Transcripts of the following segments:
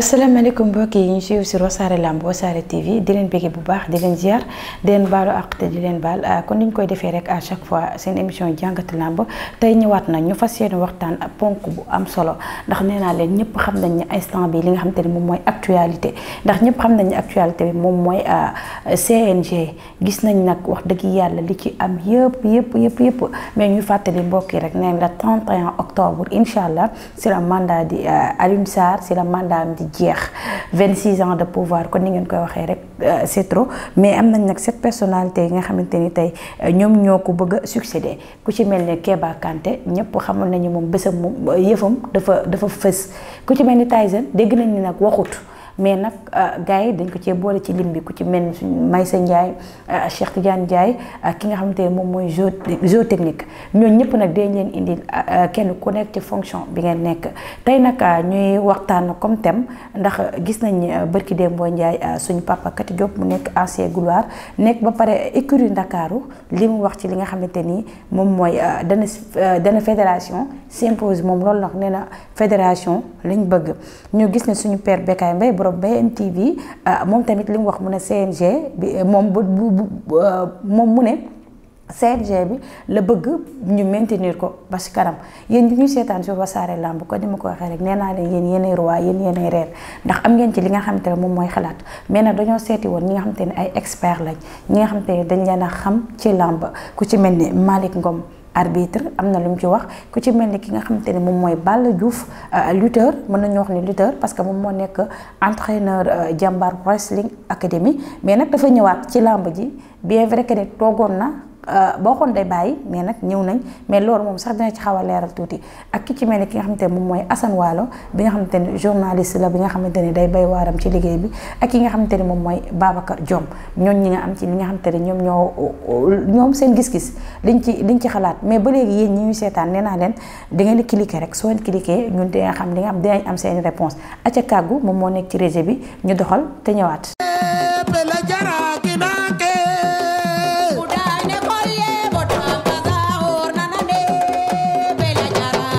asalaamaaleykum mbokk yi ñu suivre sur Wassare Lamb Wassare TV di leen bëgg bu baax di leen ziar di leen baalu àq te di leen baal kon ah, ni ñu koy defee rek à chaque fois seen émission jàngatu làmb tey ñëwaat na ñu fas yéene waxtaan ponk bu am solo ndax nee naa leen ñëpp xam nañ ni instant bi li nga xam te ne moom mooy actualité ndax ñëpp xam nañ ne actualité bi moom mooy ah, CNG gis nañ nag wax dëgg yàlla li ci am yëpp yëpp yëpp yëpp mais ñu fàttali mbokk yi rek neen la 31 octobre incha allah si la di ah, Alioune Sarr la mandat jeex 26 ans de pouvoir kon ni ngeen koy waxee rek euh, c'est trop mais am nañ nag cette personnalité yi nga xamante ni tey euh, ñoom ñoo ko bëgg a ku ci mel ne Keba Kanté ñëpp xamoon nañu moom bésam moom euh, yëfam dafa dafa fës ku ci mel ni Tyson dégg nañ ni nag waxut. mais nag euh, gars yi dañ ko cee boole ci lim bi ku ci mel ni suñu Maysa Ndiaye euh, Cheikh Tidiane Ndiaye euh, ki nga xamante ne moom mooy géo géotechnique ñooñu ñëpp nag dañ leen indi kenn ku nekk ci fonction bi ngeen nekk tey nag ñuy waxtaan comme thème ndax gis nañ bërki Dembo Ndiaye suñu papa Kati mu nekk ancien gloire nekk ba pare écurie Ndakaaru li mu wax ci li nga xamante ni moom mooy dana dana fédération s'impose moom loolu nag nee na fédération lañ bëgg ñu gis ne suñu père Bekay Mbaye borom BMTV ah, moom tamit li mu wax mu ne CNG bi eh, moom bu bu eh, moom mu ne. CNG bi la bëgg ñu maintenir ko ba ci kanam yéen ñu ñuy seetaan sur Wassare Lamb ko ni ma ko waxee rek nee naa leen yéen yéenay roi yéen yéenay reer ndax am ngeen ci li nga xamante ne moom mooy xalaat mais nag dañoo seeti woon ñi nga xamante ni ay expert lañ ñi nga xamante ne dañ leen a xam ci làmb ku ci mel ni malik Ngom arbitre am na lu mu ci wax ku ci mel ni ki nga xamante ne moom mooy Balla Diouf euh, lutteur mën nañu wax ne lutteur parce que moom moo nekk euh, entraîneur euh, jàmbaar wrestling academy mais nag dafa ñëwaat ci làmb ji bien vrai que ne toogoon na. Euh, boo xoon day bàyyi mais nag ñëw nañ mais loolu moom sax dina ci xaw a leeral tuuti ak ki ci mel ni ki nga xamante ne moom mooy Assane Waalo bi nga xamante ne journaliste la bi nga xamante ne day bay waaram ci liggéey bi ak ki nga xamante ne moom mooy Babacar Diom ñoon ñi nga am ci li nga xamante ne ñoom ñoo ñoom seen gis-gis liñ ci liñ ci xalaat mais ba léegi yéen ñi ñuy seetaan nee naa leen di ngeen di cliquer rek soo leen cliquer ñun di nga xam li nga xam am seen réponse aca kàggu moom moo nekk ci réseau bi ñu doxal te ñëwaat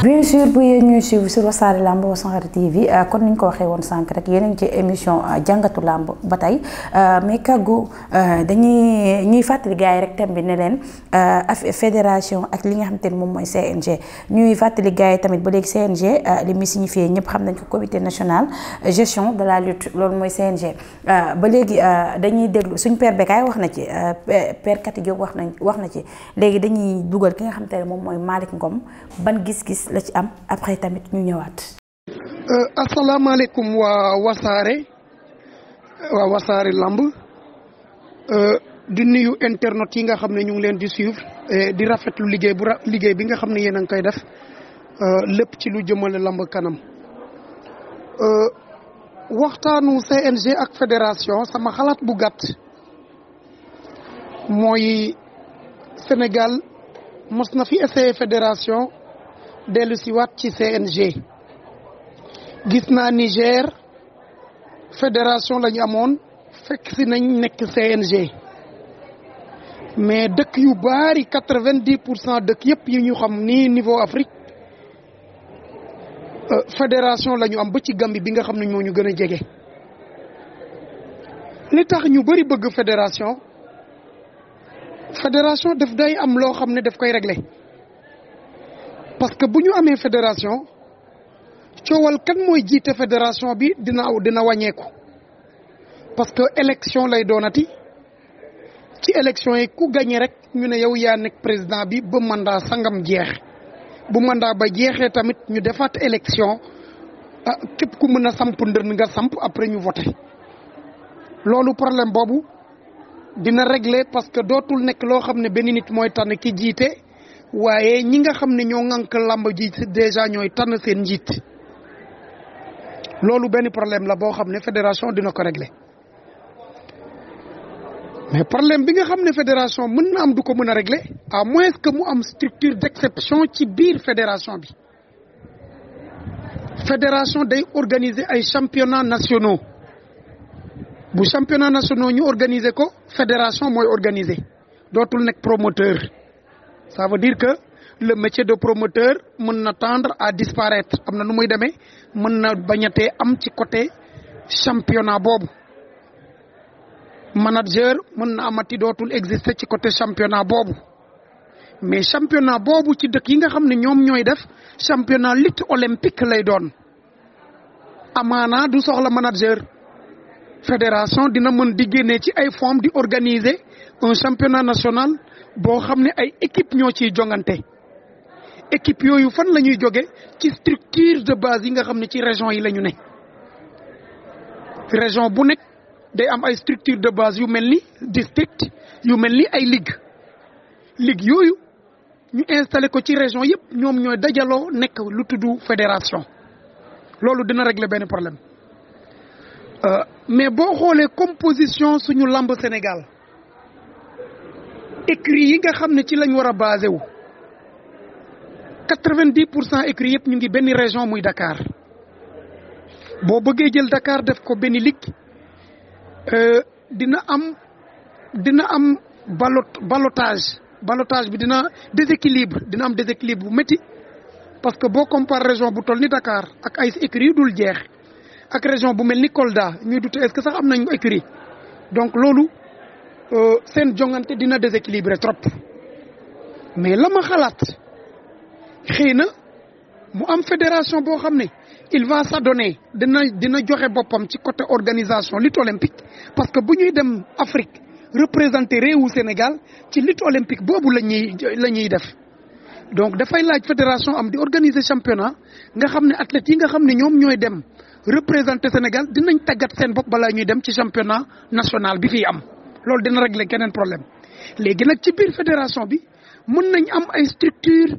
bien sûr bu yéen ñuy suivre sur Wassare Lamb TV kon ni ñu ko waxee woon sànq rek yéen a ngi ci émission euh, jàngatu làmb ba tey euh, mais kàggu euh, dañuy ñuy fàttali gars yi rek thème bi ne leen fédération ak li nga xamante ni moom mooy CNG ñuy fàttali gars yi tamit ba léegi CNG li muy signifié ñëpp xam nañ ko comité national gestion de la lutte loolu mooy CNG ba léegi dañuy déglu suñ père wax na ci père Kati Diop wax nañ wax na ci léegi dañuy dugal ki nga xamante ne moom mooy Malick Ngom ban gis-gis la ci am après tamit ñu ñëwaat. Euh, asalaamaaleykum waa wasaare waa wasaare lamb euh, di nuyu internet yi nga xam ne ñu ngi leen di suivre di rafetlu liggéey bu liggéey bi nga xam ne yéen a koy def euh, lépp ci lu jëmmale lamb kanam waxtaanu CNG ak fédération sama xalaat bu gàtt mooy Sénégal mos na fi essayé fédération. dellusiwaat ci CNG gis naa Niger fédération la ñu amoon fekk si nañ nekk CNG mais dëkk yu baari quatre-vingt-dix pour cent dëkk yëpp yu ñu xam ni niveau Afrique euh, fédération la ñu am ba ci Gambie bi nga xam ne moo ñu gën a jege li tax ñu bëri bëgg fédération fédération daf day am loo xam ne daf koy regle parce que bu ñu amee fédération coowal kan mooy jiite fédération bi dina aw dina wàññeeku parce que élection lay doonati ci élection yi ku gagné rek ñu ne yow yaa nekk président bi ba mandat sangam jeex bu mandat ba jeexee tamit ñu defaat élection ah képp ku mën a samp ndërn nga samp après ñu voté loolu problème boobu dina réglé parce que dootul nekk loo xam ne benn nit mooy tànn ki jiite. waaye ñi nga xam ne ñoo ŋànk làmb ji déjà ñooy tànn seen njiit loolu benn problème la boo xam ne fédération dina ko régler mais problème bi nga xam ne fédération mën na am du ko mën a régler à moins que mu am structure d'exception ci biir fédération bi fédération day organiser ay championnats nationaux bu championnats nationaux ñu organiser ko fédération mooy organiser dootul nekk promoteur ça veut dire que le métier de promoteur mën na tendre à disparaître am na nu muy demee mën na bañate am ci côté championnat boobu manager mën na amati dootul exister ci côté championnat boobu mais championnat boobu ci dëkk yi nga xam ne ñoom ñooy def championnat lutte olympique lay doon amaana du soxla manager fédération dina mën di génnee ci ay forme di organiser un championnat national boo xam ne ay équipe ñoo ciy jongante équipe yooyu fan la ñuy jóge ci structure de base yi nga xam ne ci région yi la ñu ne région bu nekk day am ay structure de base yu mel ni district yu mel ni ay ligue ligue yooyu ñu installé ko ci région yëpp ñoom ñooy dajaloo nekk lu tudd fédération loolu dina régle benn problème euh, mais boo xoolee composition suñu lamb Sénégal écrits yi nga xam ne ci lañu war a basé wu quatre vingt pour cent écrits yëpp ñu ngi benn région muy Dakar boo bëggee jël Dakar def ko benn ligue euh, dina am dina am ballot balotage ballotage bi dina déséquilibre dina am déséquilibre bu métti parce que boo compare région bu toll ni Dakar ak ay écrits yu dul jeex ak région bu mel ni Kolda ñuy dute est-ce sax am nañu écrits donc loolu. Euh, seen jongante dina déséquilibré trop mais lama xalaat xëy na mu am fédération boo xam ne il va s'adonner dina dina joxe boppam ci côté organisation lutte olympique parce que bu ñuy dem Afrique représenter réewu Sénégal ci lutte olympique boobu la ñuy la ñuy def donc dafay laaj fédération am di organiser championnat nga xam ne athlètes yi nga xam ne ñoom ñooy dem représenter Sénégal dinañ tàggat seen bopp balaa ñuy dem ci championnat national bi fiy am. loolu dina régler keneen problème léegi nag ci biir fédération bi mën nañ am ay structure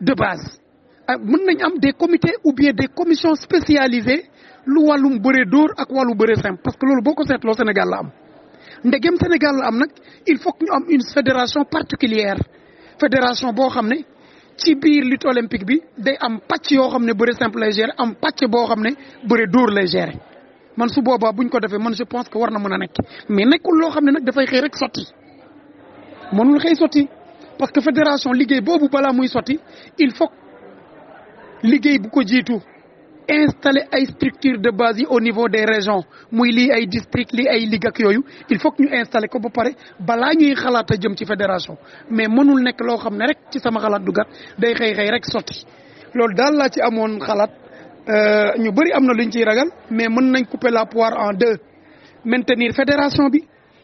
de base ah, mën nañ am des comités ou bien des commissions spécialisées lu wàllum bëree door ak wàllu bëree simple parce que loolu boo ko seetloo Sénégal la am ndegem Sénégal la am nag il faut ñu am une fédération particulière fédération boo xam ne ci biir lutte olympique bi day am pàcc yoo xam ne bëre simple lay am pacc boo xam ne bëre dóor lay gérer man su boobaa buñ ko defee man je pense que war na mën a nekk mais nekkul loo xam ne nag dafay xëy rek sotti mënul xëy sotti parce que fédération liggéey boobu balaa muy sotti il faut liggéey bu ko jiitu installer ay structure de base yi au niveau des régions muy lii ay district ay ligue ak yooyu il faut ñu installer ko ba pare balaa ñuy xalaat a jëm ci fédération mais mënul nekk loo xam ne rek ci sama xalaat du gàtt day xëy xëy rek sotti loolu daal laa ci amoon xalaat. Euh, ñu bëri am na luñ ciy ragal mais mën nañ couper la poire en deux maintenir fédération bi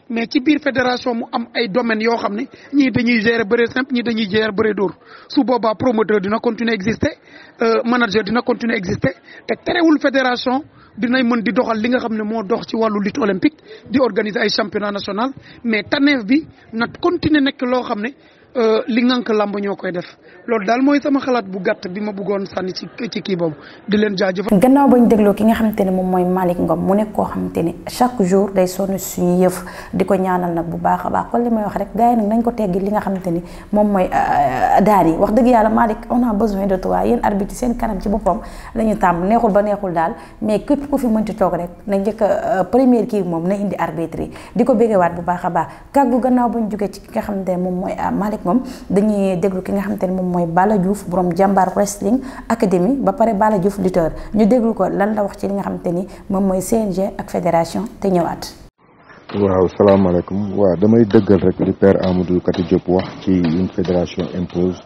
mais ci biir fédération mu am ay domaines yoo xam ne ñii dañuy gere bëre simple ñii dañuy gérer bëre door su boobaa promoteur dina continuer exister euh, manager dina continuer exister te terewul fédération dinañ mën di doxal li nga xam ne moo dox ci wàllu lutte olympique di organiser ay championnat national mais taneef bi na continuer nekk loo xam ne Euh, li ngànk làmb ñoo koy def loolu daal mooy sama xalaat bu gàtt bi ma bëggoon sànni ci ci di leen jaajëfal. gannaaw ba ñu dégloo ki nga xamante ne moom mooy Malick Ngom mu nekk koo xamante ni chaque jour day sonn suñu yëf di ko ñaanal nag bu baax baax kon li may wax rek gars yi nag nañ ko li nga xamante ni moom mooy euh, daan yi wax dëgg yàlla Malick on a besoin de toi yéen arbitre seen kanam ci boppam la ñu tàmm neexul ba neexul daal mais képp ku fi mënti toog rek na njëkk a euh, première kii moom na indi arbitre yi di ko waat bu baax a baax kàggu gannaaw ba ñu jógee ci nga xamante ne moom mooy Malick nag moom dañuy déglu ki nga xamante ni moom mooy bala Diouf borom jàmbaar wrestling académie ba pare bala Diouf lutteur ñu déglu ko lan la wax ci li nga xamante ni moom mooy CNG ak fédération te ñëwaat. waaw salaamaaleykum waaw damay dëggal rek li père Amadou Kati Diop wax ci une fédération impose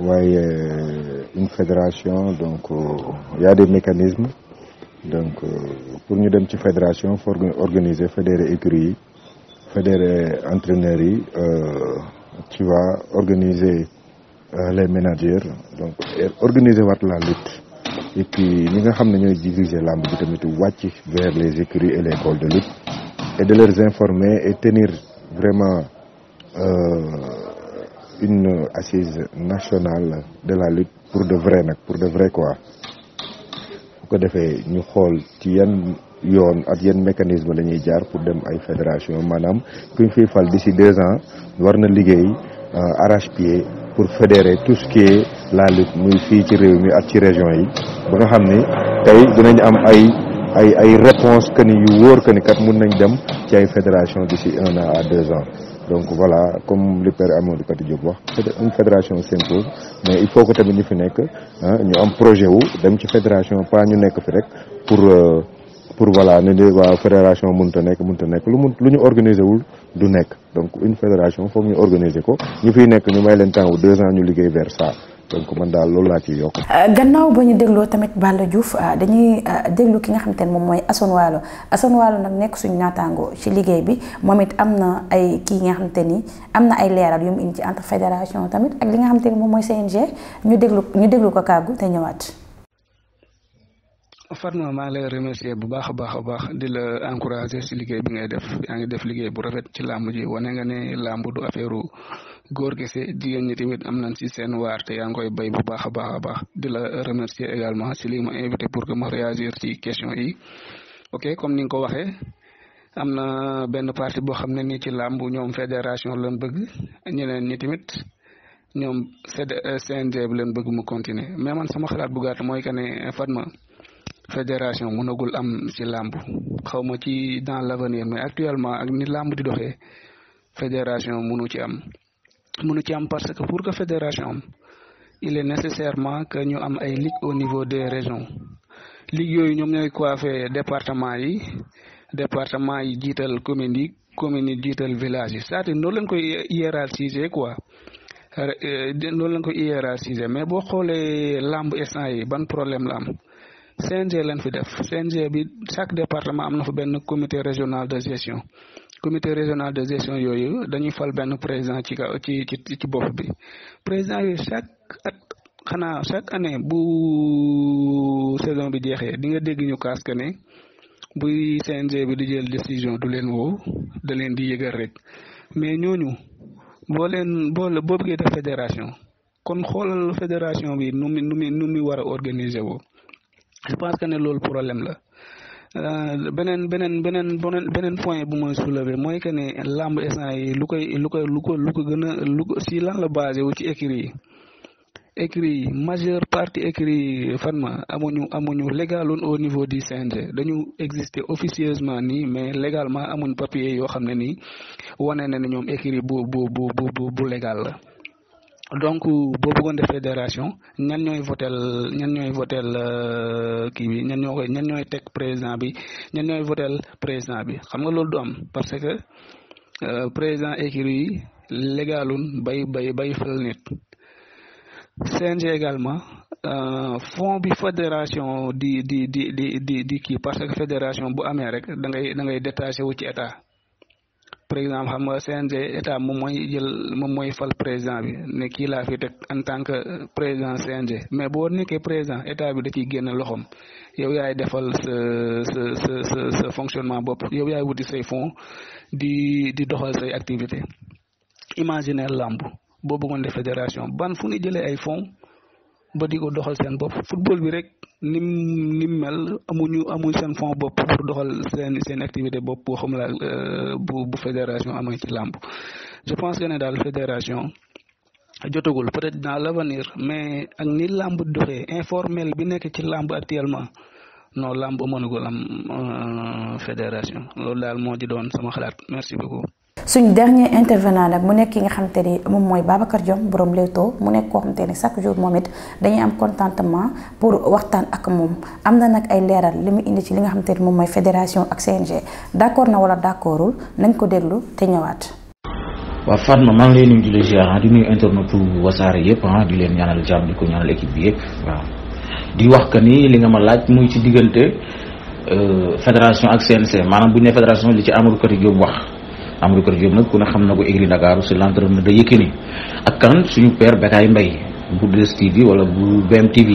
waaye euh, une fédération donc euh, y a des mécanismes donc euh, pour ñu dem ci fédération faut organiser fédéré écurie yi fédéré entraîneurs yi. qui va organiser euh, les managers donc organiser wat la lutte et puis ñi nga xam ne ñooy diriger làmb bi tamit wàcc vers les écuries et les écoles de lutte et de les informer et tenir vraiment euh, une assise nationale de la lutte pour de vrai nag pour de vrai quoi bu ko defee ñu xool ci yan yoon ak yenn mécanisme lañuy jaar pour dem ay fédération maanaam kuñ fi fal d'ici deux ans war na liggéey euh, arrache-pied pour fédérer tout ce la lutte muy fii ci réew mi ak ci région yi ba nga xam ni tey dinañ am ay ay ay réponse que ni yu wóor que ni kat mun nañ dem ci ay fédération d'ici un an à deux ans donc voilà comme li père Amadou Kati Diop wax une fédération s'impose mais il faut que tamit ñu fi nekk ñu am projet wu dem ci fédération pas ñu nekk fi rek pour euh, pour voilà ne de waaw fédération mënut a nekk mënut a nekk lu mun lu ñu organiser wul du nekk donc une fédération foog ñu organiser ko ñu fi nekk ñu may leen temps ñu liggéey vers ça donc man daal loolu laa ciy yokk. Euh, gannaaw ba ñu dégloo tamit Balla Diouf euh, dañuy euh, déglu ki nga xamante ne moom mooy Assane Waalo Assane Waalo nag nekk naataango ci liggéey bi moom it am na ay kii nga xamante ni am na ay leeral yu mu indi ci entre fédération tamit ak li nga xam xamante ni moom mooy CNG ñu déglu ñu déglu ko kàggu te ñëwaat. Fatma maa lay remercier bu baax a baax a la encourager si liggéey bi ngay def yaa ngi def liggéey bu rafet ci làmb ji wane nga ne làmb du affaire góor kese jigéen ñi tamit am nañ si seen waar te yaa ngi koy béy bu baax a baax a baax di la remercier également si li ma invité pour que ma réagir ci question yi ok comme ni nga ko waxee am na benn parti boo xam ne nii ci làmb ñoom fédération lañ bëgg ñeneen ñi tamit ñoom CNG bi leen bëgg mu continuer mais man sama xalaat bu gàtt mooy que ne Fatma. fédération mënagul am ci làmb xaw ma ci dans l'avenir mais actuellement ak ni làmb di doxee fédération munu ci am mënu ci am parce que pour que fédération il est nécessairement que ñu am ay ligue au niveau des régions ligue yooyu ñoom ñooy coiffé département yi département yi jiital communes yi communes yi jiital village yi c'est-à-dire noonu lañ koy hiérarchiser quoi euh, euh, noonu lañ koy hiérarchiser mais boo xoolee lamb instant yi ban problème la am CNG lañ fi def CNG bi chaque département am na fa benn comité régional de gestion comité régional de gestion yooyu dañuy fal benn président ci kaw ci ci ci bopp bi président yooyu chaque at xanaa chaque année bu saison bi jeexee di nga dégg ñu kaas que ne buy CNG bi di jël décision du leen woow da leen di yëgal rek mais ñooñu boo leen boo boo bëggee fédération kon xoolal fédération bi nu mu nu mu nu mu war a organiser woo je pense que ne loolu problème la euh, beneen beneen beneen beneen point bu ma soulever mooy que ne làmb instant yi lu koy lu koy lu ko lu ko gën a lu ko si lan la wu ci écrit yi écrit yi majeure partie écrit yi fan ma amuñu amuñu légaloon au niveau du CNG dañu exister officieusement nii mais légalement amuñ papier yoo xam ne nii wane na ne ñoom écrit bu bu bu bu bu légal la. donc :fra boo bëggoon def fédération ñan ñooy voté ñan ñooy voté :fra %e euh, kii bi ñan ñoo ñan ñooy teg président bi ñan ñooy voté président bi xam nga loolu du am parce que :fra euh, %e président :fra écurie :fra yi bay bay bay fal nit [r] également :fra %e euh, fond bi fédération di di di di di di kii parce que fédération :fra bu amee rek da ngay da ngay détaché wu ci état par exemple xam CNG état moom mooy jël moom mooy fal président bi ne kii laa fi teg en tant que président CNG mais boo nekkee président état bi da ciy génn loxoom yow yaay defal sa sa sa sa fonctionnement bopp yow yaay wuti say fonds di di doxal say activité imaginaire làmb boo bëggoon def fédération ban fu ñu jëlee ay fonds ba di ko doxal seen bopp football bi rek nim nim mel amuñu amuñ seen fond bopp pour doxal seen seen activité bopp boo xam la euh, bu bu fédération amee ci làmb je pense que daal fédération jotagul peut-être dans l'avenir mais ak ni làmb doxee informel bi nekk ci làmb actuellement non làmb mënugul am euh, fédération loolu daal moo di doon sama xalaat merci beaucoup suñu dernier intervenant nag mu nekk ki nga xamante ni moom mooy Babacar Diom borom Leewtoo mu nekk koo xamante ni chaque moom it dañuy am contentement pour waxtaan ak moom am na nag ay leeral li mu indi ci li nga xamante ni moom mooy fédération ak CNG d'accord na wala d'accordul nañ ko déglu te ñëwaat. waaw Fatma maa ngi lay di la ziar ah, di nuyu internet wasaare yëpp ah, di leen ñaanal jàmm di ko di wax que ni li nga ma laaj muy ci diggante euh, fédération ak CNG maanaam bu ñu nee fédération li ci Amadou Kati Diop wax. am Kër Diop nag ku ne xam na ko écurie Dakar c'est l'entraîneur de Yékini ak kan suñu père Bekaay mbay bu 2STV wala bu BMTV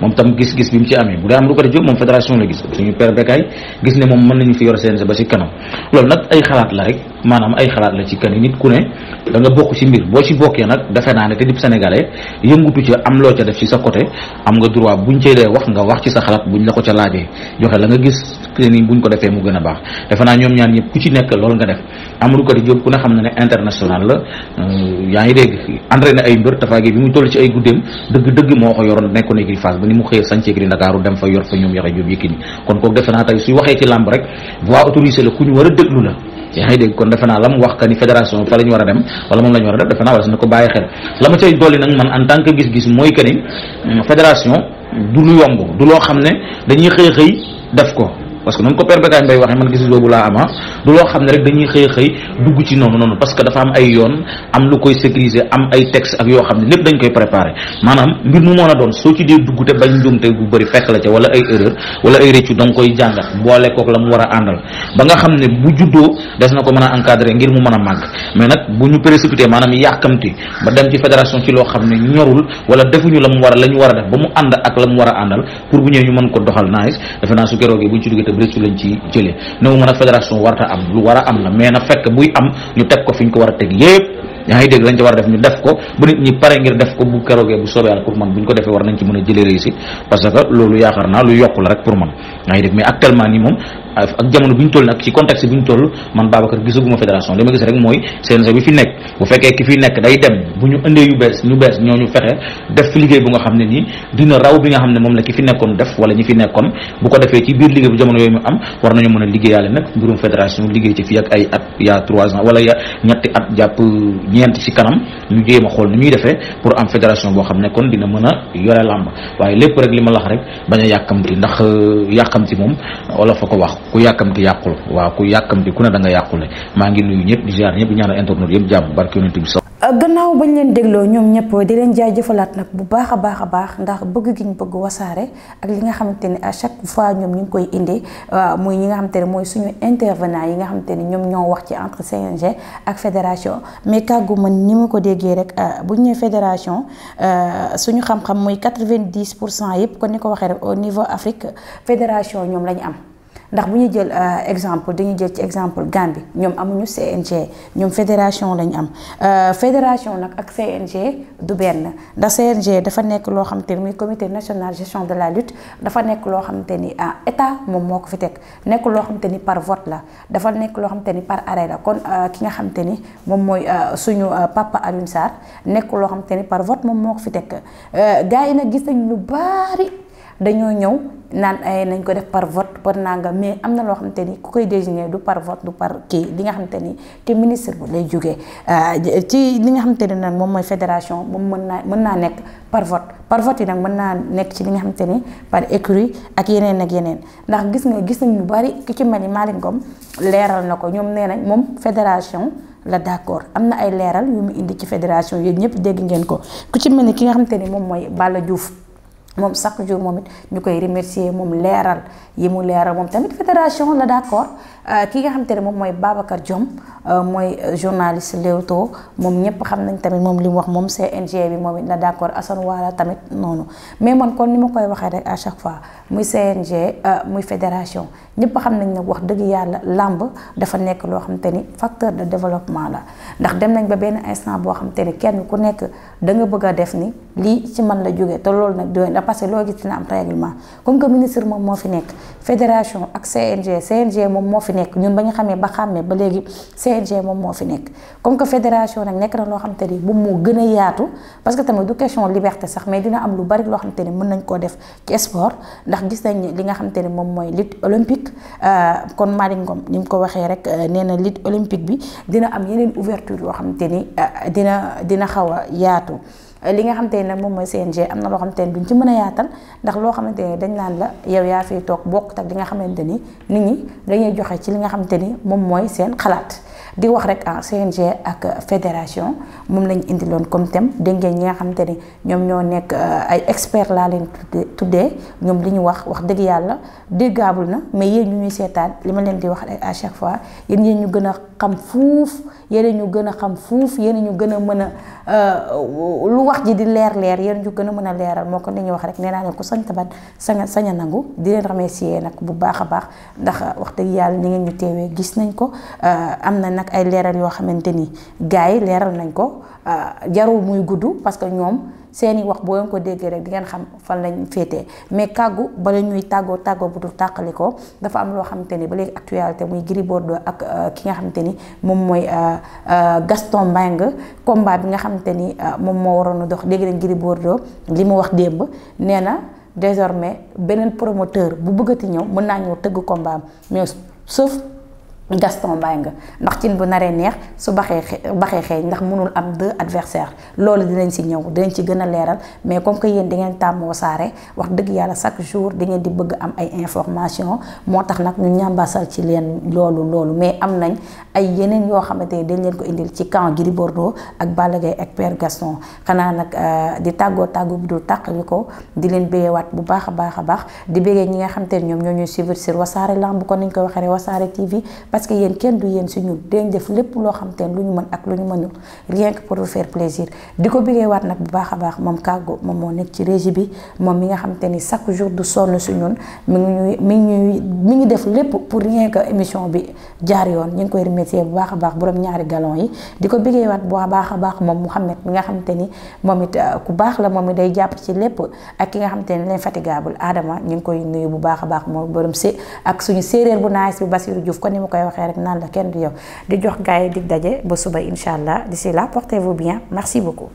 moom tam gis-gis bi mu ci amee bu dee Amadou Kër Diop moom fédération la gis suñu père Bekaay gis ne moom mën nañu fi yor seen ba ci kanam loolu nag ay xalaat la rek. maanaam ay xalaat la ci kan nit ku ne da nga bokk ci mbir boo ci bokkee nag defe naa ne te dib sénégalais yëngutu ca am loo ca def ci sa côté am nga droit buñ cay dee wax nga wax ci sa xalaat buñ la ko ca laajee joxe la nga gis te ni buñ ko defee mu gën a baax defe naa ñoom ñaar ñëpp ku ci nekk loolu nga def Amadou Kati Diop ku ne xam la euh, yaa ngi dégg entraîné ay mbër tafaagi bi mu toll ci ay guddeem dëgg-dëgg ko yoroon nekkoon écurie Fass ni mu xëyee sancee écurie Ndakaaru dem fa yor fa ñoom Yaxya defe naa tey suy waxee ci làmb rek voix autorisée la ku ñu war a la yaa ngi dégg kon defe naa la mu wax que ni fédération fa la ñu war a dem wala moom la war a def defe naa war na ko bàyyi xel la ma cay dolli nag man en tant que gis-gis mooy que ni mm, fédération du lu yomb du loo xam ne dañuy xëy xëy def ko parce que noonu ko père Bécaye Mbaye waxee man gis boobu laa ama ah. du loo xam ne rek dañuy xëy xëy dugg ci noonu noonu parce que dafa am ay yoon am lu koy sécuriser am ay texte ak yoo xam ne lépp dañ koy préparer maanaam mbir mu mën a doon soo ci dee dugg te bañ njuumte bu bëri fekk la ca wala ay erreur wala ay réccu mu war a àndal ba nga xam ne bu juddoo des na ko mën a encadrer ngir mu mën a màgg mais nag bu ñu précipité maanaam yàkkamti ba dem ci fédération ci loo xam ne ñorul wala defuñu la mu war a la ñu def ba mu la mu war a àndal pour ko doxal naagis rëccu lañ ci jëlee néew mën a fédération warta am lu war a am la mais na fekk buy am ñu teg ko fi ñu ko war a teg yépp yaa dégg lañ ci war a def ñu def ko bu nit ñi pare ngir def ko bu keroogee bu soobee yàlla pour man bu ñu ko defee war nañ ci mën a jëlee parce que loolu yaakaar naa lu yokk la rek pour man yaa dégg mais actuellement nii moom ak jamono bi ñu toll nag ci contexte bi ñu toll man Babacar gisaguma fédération li gis rek mooy CNG bi fi nekk bu fekkee ki fi nekk day dem bu ñu indee yu bees ñu bees ñoo ñu fexe def fi liggéey bu nga xam ne nii dina raw bi nga xam ne moom la ki fi nekkoon def wala ñi fi nekkoon bu ko defee ci biir liggéey bu jamono yooyu mu am war nañu mën a liggéeyaale nag mbirum fédération liggéey ci fii ak ay at yaa trois ans wala ñetti at jàpp ñu jéem a xool ni ñuy defee pour am fédération boo xam ne kon dina mën a yore làmb waaye lépp rek li ma lax rek bañ a yàkkamti ndax euh, yàkkamti moom wala a ko wax ku yàkkamti yàqul waaw ku yàkkamti ku ne da nga yàqule maa ngi nuyu ñëpp di ziar ñëpp di ñaanal internet yëpp jàmm barke yonent bi Euh, gannaaw bañ leen dégloo ñoom ñëpp di leen jëfalaat nag bu baax a baax a baax ndax bëgg gi ñu bëgg wasaare ak li nga xamante ne à chaque fois ñoom ñu ngi koy indi euh, mooy ñi nga xamante ne mooy suñu intervenant yi nga xamante ne ñoom ñoo wax ci entre CNG ak fédération mais kàggu mën ni ma ko déggee rek euh, bu ñu nee fédération suñu xam-xam muy quatre-vingt-dix pour cent yëpp kon ni ko waxee rek au niveau Afrique fédération ñoom la ñu am. ndax bu ñu jël euh, exemple dañuy jël ci exemple Gambie ñoom amuñu CNG ñoom fédération lañu am euh, fédération nag ak CNG du benn ndax CNG dafa nekk loo xamante ni muy comité national gestion de la lutte dafa nekk loo xamante ni ah, état moom moo ko fi teg nekk loo xamante ni par vote la dafa nekk loo xamante ni par arrêt la kon euh, ki nga xamante ni moom mooy suñu papa Alioune Sarr nekk loo xamante ni par vote moom moo ko fi teg gars yi nag gis nañu lu dañoo ñëw naan ay eh, nañ ko def par vote par nangam mais am na loo xamante ni ku koy désigner du par vote du par kii li nga xamante ni te ministre bu lay jógee euh, ci li nga xamante ni nag moom mooy fédération moom mën naa mën naa nekk par vote par yi nag mën naa nekk ci li nga xamante ni par écurie ak yeneen ak yeneen ndax gis nga gis nañ ñu bari ki ci mel ni Malick Ngom leeral na ko ñoom nee nañ moom fédération la d'accord am na ay leeral yu mu indi ci fédération yooyu ñëpp dégg ngeen ko ku ci mel ni ki nga xamante ni moom mooy Balla Diouf. moom chaque jour moom it ñu koy remercier moom leeral yi mu leeral moom tamit fédération la d'accord Euh, ki nga xamante ne moom mooy Babacar Diome euh, mooy euh, journaliste Leewtoo moom ñëpp xam nañ tamit moom li mu wax moom CNG bi moom it na d'accord Assane Wala tamit noonu mais man kon ni ma koy waxee rek chaque fois muy CNG muy fédération ñëpp xam nañ ne wax dëgg yàlla làmb dafa nekk loo xamante ni facteur de développement la ndax dem nañ ba benn instant boo xamante ni kenn ku nekk da nga bëgg a def ni lii ci man la jógee te loolu na parce que loo gis am règlement comme que ministre moom moo fi nekk fédération ak CNG CNG moom moo fi nekk ñun ba ñu xamee ba xàmmee ba léegi CNG moom moo fi nekk comme que fédération nag nekk na loo xam te ni moom moo gën a yaatu parce que tamit du question liberté sax mais dina am lu bari loo xam te ni mën nañ koo def ci sport ndax gis nañ li nga xam te ni moom mooy lutte olympique euh, kon Malick Ngom ni mu ko waxee rek euh, nee na lutte olympique bi dina am yeneen ouverture yoo xam te ni euh, dina dina xaw a yaatu li nga xamante ne nag moom mooy CNG am na loo xamante ne duñ ci mën a yaatal ndax loo xamante ne dañ naan la yow yaa fiy toog bokkut ak li nga xamante ni nit ñi dañuy joxe ci li nga xamante ni moom mooy seen xalaat di wax rek ah CNG ak fédération moom lañ indi loon comme thème dégg ngeen ñi nga xamante ni ñoom ñoo nekk euh, ay experts laa leen tuddee ñoom li ñu wax wax dëgg yàlla déggaabul na mais yéen ñu ñuy seetaan li ma leen di wax à chaque fois yéen yéen ñu gën a xam fuuf yéen ñu gën a xam fuuf yéen ñu gën a mën a euh, wax ji di leer leer yéen ñu gën a mën a leeral moo ko dañuy wax rek nee naa ne ku sañ tabat sañ a nangu di leen ramee remercier nag bu baax a baax ndax wax dëgg yàlla ni ngeen ñu teewee gis nañ ko euh, am na nag ay leeral yoo xamante ni gars yi leeral nañ ko Euh, jarul muy gudd parce que ñoom seeni wax boo leen ko déggee rek di ngeen xam fan lañ féetee mais kàggu bala ñuy tàggoo tàggoo bu du tàqali ko dafa am loo xamante ni ba léegi actualité muy Gris Bordeaux ak euh, ki nga xamante ni moom mooy euh, Gaston Mbengue combat bi nga xamante ni moom moo waroon a dox dégg nañ Gris Bordeaux li mu wax démb nee na désormais beneen promoteur bu bëggati ñëw mën naa ñëw tëgg combat am mais sauf Gaston bàyyi nga ndax cin bu naree neex su baxee baxee xeeñ ndax mënul am deux adversaires loolu dinañ si ñëw dinañ ci gën a leeral mais comme que yéen di ngeen tàmm Wassare wax dëgg yàlla chaque jour di ngeen di bëgg am ay information moo tax nag ñu ñàmbasal ci leen loolu loolu mais am nañ ay yeneen yoo xamante ne dañ leen ko indil ci camp Gris Bordeaux ak Balla Gaye ak Père Gaston xanaa nag euh, di tàggoo tàggu bi dul tàqali ko di leen béyewaat bu baax a baax a baax di béggee ñi nga xam ne ñoom ñoo ñuy suivre sur Wassare Lamb parce que yéen kenn du yéen si ñun dañ def lépp loo xam te lu ñu mën ak lu ñu mënul rien que pour vous faire plaisir di ko bigee waat nag bu baax a baax moom kàggu moom moo nekk ci régie moom mi nga xam te ni chaque jour du sonn si ñun mi ngi ñuy mi ngi def lépp pour rien que bi jaar yoon ñu ngi koy remercier bu baax a baax borom ñaari galon yi di ko bigee waat bu baax a baax moom Mouhamed mi nga xam ni moom it euh, ku baax la moom it day jàpp ci lépp ak ki nga xam te ni l'infatigable Adama ñu ngi koy nuyu bu baax a baax moom borom si ak suñu séeréer bu naaj bi Basirou Diouf kon ni ma koy waxee rek naan la kenn di yow di jox gaa yi di daje ba suba incha allah d'ici là portez-vous bien merci beaucoup.